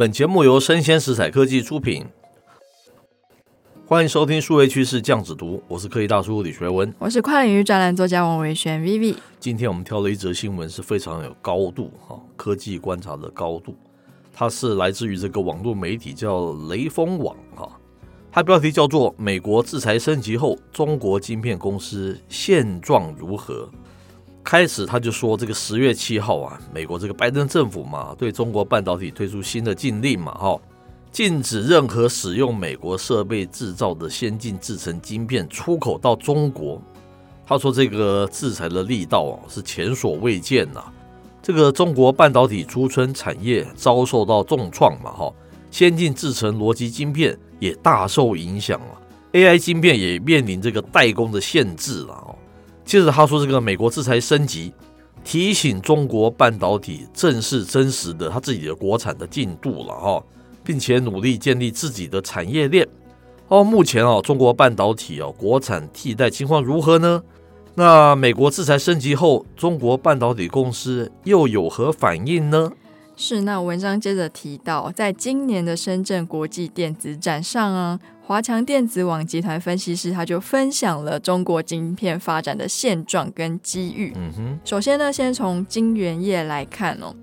本節目由聲鮮時采科技出品，歡迎收聽數位趨勢醬子讀。我是科技大叔李學文，我是跨領域專欄作家王偉軒 Vivi。今天我們挑了一則新聞，是非常有高度哈，科技觀察的高度。它是來自於這個網絡媒體叫雷鋒網哈，它標題叫做《美國制裁升級後，中國晶片公司現狀如何》。開始他就說，這個十月七號啊，美國這個拜登政府嘛，對中國半導體推出新的禁令嘛，哈、哦，禁止任何使用美國設備製造的先進製程晶片出口到中國。他說這個制裁的力道啊，是前所未見吶、啊。這個中國半導體儲存產業遭受到重創嘛，哈、哦，先進製程邏輯晶片也大受影響啊，AI 晶片也面臨這個代工的限制了哦。接着他說：“這個美國制裁升級，提醒中國半導體正視真實的它自己的國產的進度了哈，並且努力建立自己的產業鏈。哦，目前啊，中國半導體哦、啊、國產替代情況如何呢？那美國制裁升級後，中國半導體公司又有何反應呢？是那文章接着提到，在今年的深圳國際電子展上啊。”華強電子網集團分析師，他就分享了中國晶片發展的現狀跟機遇。嗯、哼首先呢，先從晶圓業來看哦、喔，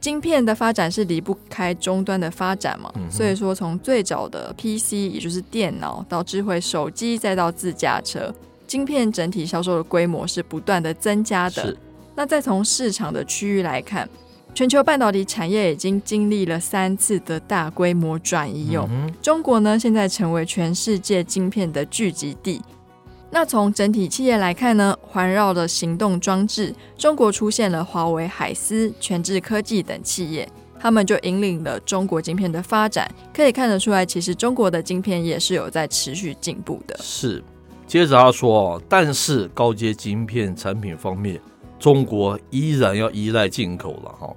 晶片的發展是離不開終端的發展嘛，嗯、哼所以說從最早的 PC 也就是電腦到智慧手機再到自駕車，晶片整體銷售的規模是不斷的增加的。是那再從市場的區域來看。全球半導體產業已經經歷了三次的大規模轉移用、嗯、哼中國呢，現在成為全世界晶片的聚集地。那從整體企業來看呢，環繞的行動裝置，中國出現了華為、海思、全志科技等企業，他們就引領了中國晶片的發展。可以看得出來，其實中國的晶片也是有在持續進步的。是。接着要說，但是高階晶片產品方面，中國依然要依賴進口了哈。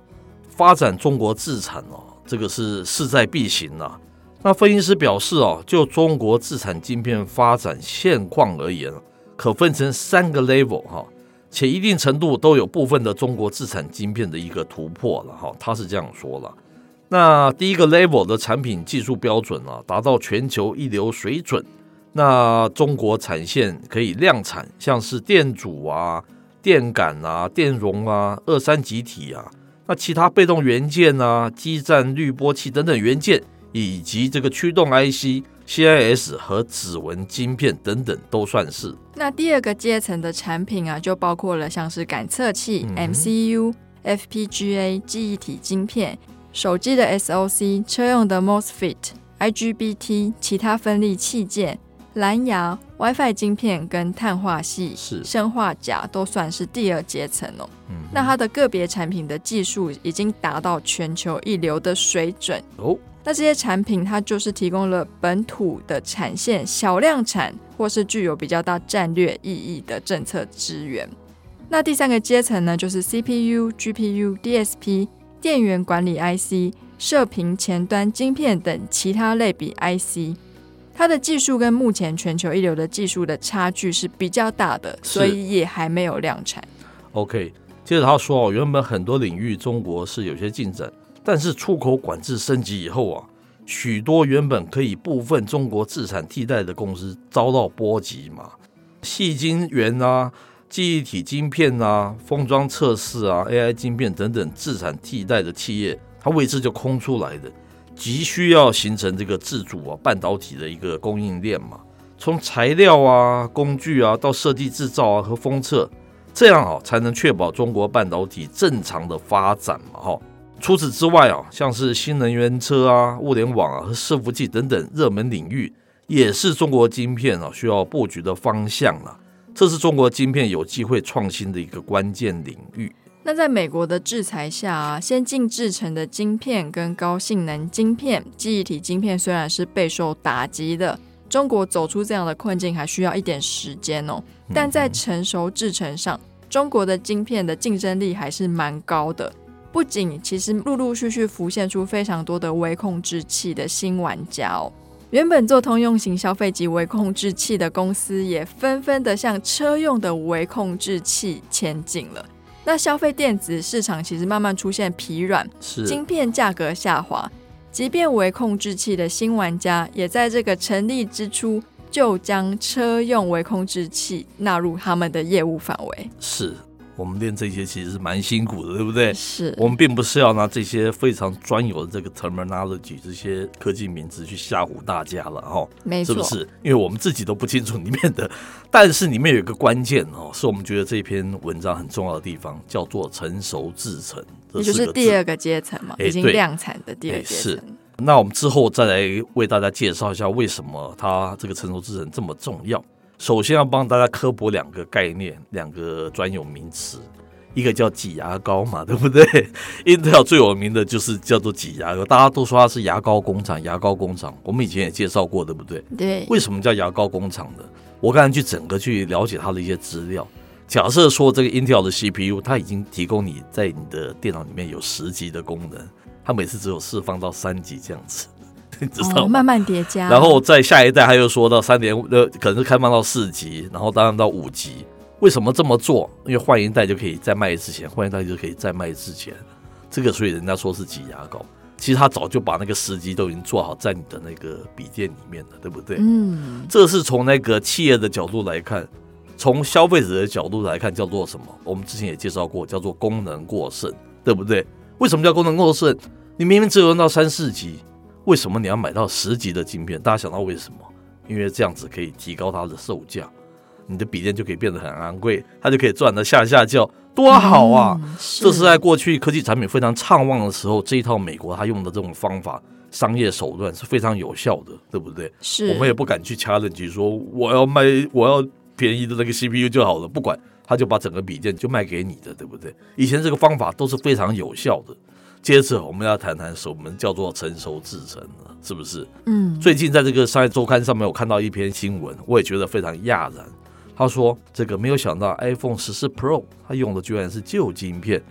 發展中國自產哦，這個是勢在必行、啊、那分析師表示哦，就中國自產晶片發展現況而言，可分成三個 level 哈、哦，且一定程度都有部分的中國自產晶片的一個突破了哈、哦。他是這樣說了。那第一個 level 的產品技術標準啊，達到全球一流水準，那中國產線可以量產，像是電阻啊、電感啊、電容啊、二三極體啊。那其他被動元件啊，基站濾波器等等元件，以及這個驅動 IC、CIS 和指紋晶片等等都算是。那第二個階層的產品啊，就包括了像是感測器、嗯、MCU、FPGA、記憶體晶片、手機的 SOC、車用的 MOSFET、IGBT、其他分立器件。藍牙、WiFi 晶片、跟碳化矽、砷是化鎵都算是第二階層哦。嗯、哼那它的個別產品的技術已經達到全球一流的水準哦。那這些產品它就是提供了本土的產線、小量產或是具有比較大戰略意義的政策資源。那第三個階層呢，就是 CPU、GPU、DSP、電源管理 IC、射頻前端晶片等其他類比 IC。它的技術跟目前全球一流的技術的差距是比較大的，所以也還沒有量產。OK，接着他說哦，原本很多領域中國是有些進展，但是出口管制升級以後啊，許多原本可以部分中國自產替代的公司遭到波及嘛，矽晶圓啊、記憶體晶片啊、封裝測試啊、AI 晶片等等自產替代的企業，它位置就空出來的。急需要形成這個自主啊半導體的一個供應鏈嘛，從材料啊、工具啊到設計製造啊和封測，這樣啊才能確保中國半導體正常的發展嘛哈、哦。除此之外啊，像是新能源車啊、物聯網啊和伺服器等等熱門領域，也是中國晶片啊需要布局的方向了、啊。這是中國晶片有機會創新的一個關鍵領域。那在美國的制裁下啊，先進製程的晶片跟高性能晶片、記憶體晶片雖然是備受打擊的，中國走出這樣的困境還需要一點時間哦。但在成熟製程上，中國的晶片的競爭力還是蠻高的。不僅其實陸陸續續浮現出非常多的微控制器的新玩家哦，原本做通用型消費級微控制器的公司也紛紛的向車用的微控制器前進了。那消費電子市場其實慢慢出現疲軟，是晶片價格下滑。即便微控制器的新玩家，也在這個成立之初就將車用微控制器納入他們的業務範圍，是。我們練這些其實是蠻辛苦的，對不對？是我們並不是要拿這些非常專有的這個 terminology，這些科技名詞去嚇唬大家了哈，哦、沒錯，是不是？因為我們自己都不清楚裡面的，但是裡面有一個關鍵哦，是我們覺得這篇文章很重要的地方，叫做成熟製程，這就是第二個階層嘛，已經量產的第二階層、哎哎。那我們之後再來為大家介紹一下，為什麼它這個成熟製程這麼重要。首先要幫大家科普兩個概念，兩個專有名詞，一個叫擠牙膏嘛，對不對？Intel 最有名的就是叫做擠牙膏，大家都說它是牙膏工廠，牙膏工廠，我們以前也介紹過，對不對？對。為什麼叫牙膏工廠呢？我剛才去整個去了解它的一些資料。假設說這個 Intel 的 CPU，它已經提供你在你的電腦裡面有十級的功能，它每次只有釋放到三級這樣子。你哦、慢慢疊加。然後在下一代，他又說到三點五，呃，可能是開放到四級，然後當然到五級。為什麼這麼做？因為換一代就可以再賣一次錢，換一代就可以再賣一次錢。這個，所以人家說是擠牙膏。其實他早就把那個四級都已經做好在你的那個筆電裡面了，對不對？嗯，這是從那個企業的角度來看，從消費者的角度來看，叫做什麼？我們之前也介紹過，叫做功能過剩，對不對？為什麼叫功能過剩？你明明只有用到三四級。為什麼你要買到十級的晶片？大家想到為什麼？因為這樣子可以提高它的售價，你的筆電就可以變得很昂貴，它就可以賺得下下轎，多好啊！嗯、是這是在過去科技產品非常暢旺的時候，這一套美國他用的這種方法，商業手段是非常有效的，對不對？是我們也不敢去挑戰去說我要賣我要便宜的那個 CPU 就好了，不管，他就把整個筆電就賣給你的，對不對？以前這個方法都是非常有效的。接着我們要談談，是我們叫做成熟製程了，是不是？嗯，最近在這個商業周刊上面，我看到一篇新聞，我也覺得非常訝然。他說，這個沒有想到，iPhone 十四 Pro 它用的居然是舊晶片，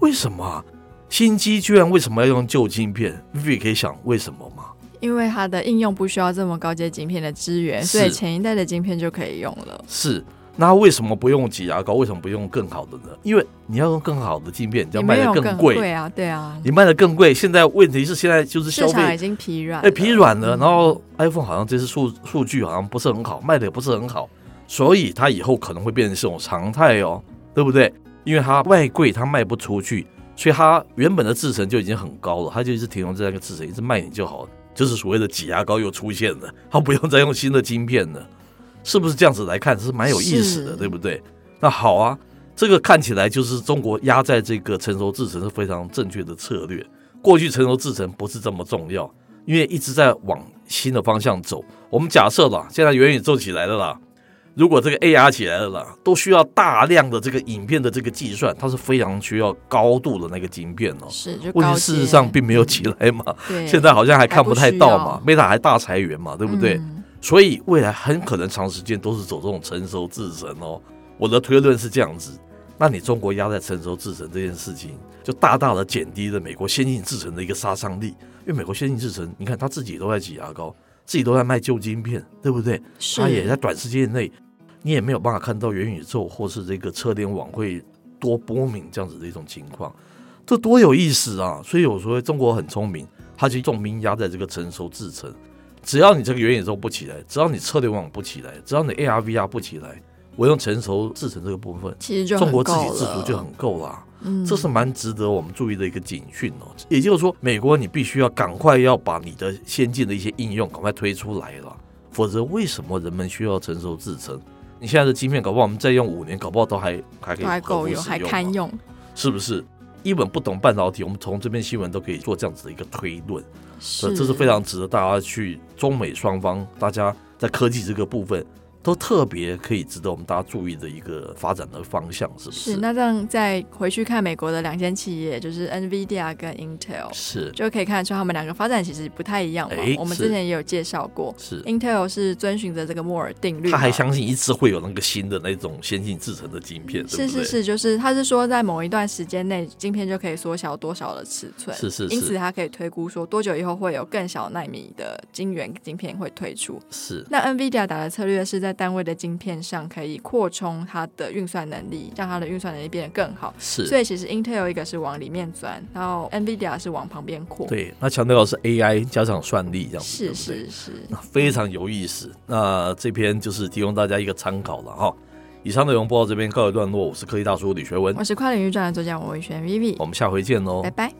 為什麼？新機居然為什麼要用舊晶片？你可以想為什麼嗎？因為它的應用不需要這麼高階晶片的資源，所以前一代的晶片就可以用了。是。是。那為什麼不用擠牙膏？為什麼不用更好的呢？因為你要用更好的晶片，你要賣得更貴。對啊，對啊，你賣得更貴。現在問題是，現在就是消費市場已經疲軟、欸，疲軟了。嗯、然後 iPhone 好像這次數數據好像不是很好，賣得也不是很好，所以它以後可能會變成這種常態哦，對不對？因為它賣貴，它賣不出去，所以它原本的制程就已經很高了，它就是提供這樣一個制程，一直賣你就好了。就是所謂的擠牙膏又出現了，它不用再用新的晶片了。是不是這樣子來看是蠻有意思的，是對不對？那好啊，這個看起來就是中國壓在這個成熟製程是非常正確的策略。過去成熟製程不是這麼重要，因為一直在往新的方向走。我們假設吧，現在元宇宙起來了啦，如果這個 AR 起來了啦，都需要大量的這個影片的這個計算，它是非常需要高度的那個晶片哦。是，問題事實上並沒有起來嘛，對現在好像還看不太到嘛，Meta 還大裁員嘛，對不對？嗯所以未來很可能長時間都是走這種成熟製程哦。我的推論是這樣子，那你中國壓在成熟製程這件事情，就大大的減低了美國先進製程的一個殺傷力。因為美國先進製程，你看他自己都在擠牙膏，自己都在賣舊晶片，對不對？他也在短時間內，你也沒有辦法看到元宇宙或是這個車聯網會多波敏這樣子的一種情況，這多有意思啊！所以有時候中國很聰明，他就重兵壓在這個成熟製程。只要你這個元宇宙不起來，只要你車聯網不起來，只要你 AR VR 不起來，我用成熟製程這個部分，其實就中國自己製圖就很夠了。嗯、這是蠻值得我們注意的一個警訊哦、喔。也就是說，美國你必須要趕快要把你的先進的一些應用趕快推出來了，否則為什麼人們需要成熟製程？你現在的芯片，搞不好我們再用五年，搞不好都還還可以夠用，啊還，還堪用，是不是？一本不懂半導體，我們從這篇新聞都可以做這樣子的一個推論。是，這是非常值得大家去中美雙方，大家在科技這個部分。都特別可以值得我們大家注意的一個發展的方向，是不是？是，那這樣再回去看美國的兩間企業，就是 NVIDIA 跟 Intel，是，就可以看出他們兩個發展其實不太一樣嘛。欸、我們之前也有介紹過，是，是 Intel 是遵循着這個摩爾定律，他還相信一直會有那個新的那種先進製程的晶片，是是是，對對，就是他是說在某一段時間內，晶片就可以縮小多少的尺寸，是，是是，因此他可以推估說多久以後會有更小納米的晶圓晶片會推出。是，那 NVIDIA 打的策略是在單位的晶片上可以擴充它的運算能力，讓它的運算能力變得更好。是，所以其實 Intel 一個是往裡面轉，然後 Nvidia 是往旁邊擴。對，那強調的是 AI 加上算力這樣是是是對對，非常有意思。嗯、那這篇就是提供大家一個參考了哈。以上內容播到這邊告一段落，我是科技大叔李學文，我是跨領域專欄作家吳偉軒 Vivi，我們下回見嘍，拜拜。